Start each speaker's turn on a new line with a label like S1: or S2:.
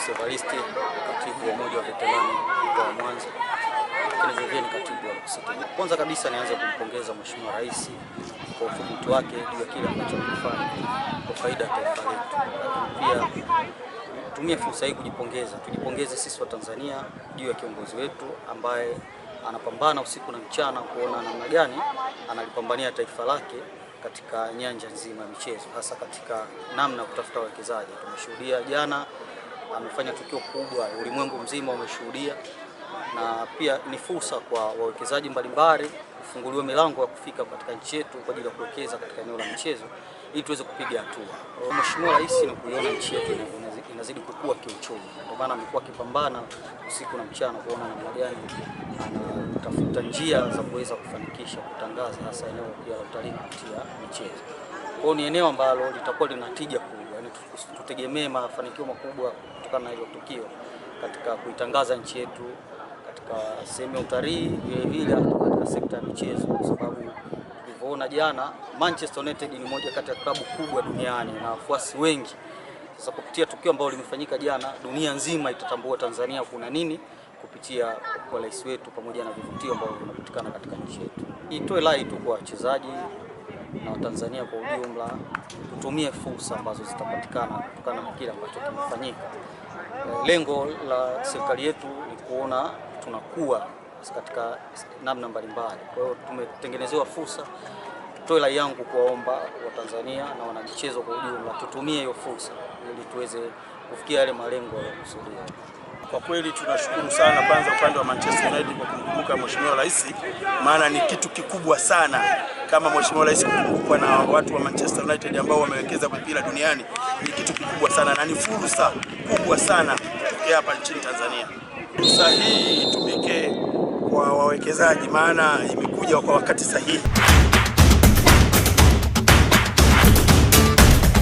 S1: Deus Evaristi, katibu wa Umoja wa Veterani mkoa wa Mwanza, lakini vile ni katibu wa msitu. Kwanza kabisa nianze kumpongeza Mheshimiwa Rais kwa uthubutu wake juu ya kile ambacho amefanya kwa faida ya taifa letu. Pia tumie fursa hii kujipongeza, tujipongeze sisi wa Tanzania juu ya kiongozi wetu ambaye anapambana usiku na mchana kuona namna gani analipambania taifa lake katika nyanja nzima ya michezo, hasa katika namna ya kutafuta wawekezaji. Tumeshuhudia jana amefanya tukio kubwa, ulimwengu mzima umeshuhudia, na pia ni fursa kwa wawekezaji mbalimbali kufunguliwa milango ya kufika katika nchi yetu kwa ajili ya kuwekeza katika eneo la michezo ili tuweze kupiga hatua. Mheshimiwa Rais na kuiona nchi yetu inazidi kukua kiuchumi, ndio maana amekuwa akipambana usiku na mchana kuona namna gani anatafuta njia za kuweza kufanikisha kutangaza hasa eneo la utalii kupitia michezo. Kwa hiyo ni eneo ambalo litakuwa lina tija tutegemee mafanikio makubwa kutokana na hilo tukio katika kuitangaza nchi yetu katika sehemu ya utalii, vile vile katika sekta ya michezo, kwa sababu tulivyoona jana, Manchester United ni moja kati ya klabu kubwa duniani na wafuasi wengi. Sasa kupitia tukio ambalo limefanyika jana, dunia nzima itatambua Tanzania kuna nini kupitia kwa rais wetu pamoja na vivutio ambavyo vinapatikana katika nchi yetu. Itoe lai tu kwa wachezaji na Watanzania kwa ujumla kutumia fursa ambazo zitapatikana kutokana na kile ambacho kimefanyika. Lengo la serikali yetu ni kuona tunakuwa katika namna mbalimbali. Kwa hiyo tumetengenezewa fursa. Toe rai yangu kuwaomba Watanzania na wanamichezo kwa ujumla tutumie hiyo fursa ili tuweze kufikia yale malengo ya
S2: kwa kweli tunashukuru sana kwanza upande wa Manchester United kwa kumkumbuka Mheshimiwa Rais, maana ni kitu kikubwa sana kama Mheshimiwa Rais kukumbukwa na watu wa Manchester United ambao wamewekeza mpira duniani ni kitu kikubwa sana na ni fursa kubwa sana kutokea hapa nchini Tanzania. Fursa hii itumike kwa wawekezaji, maana imekuja kwa wakati sahihi.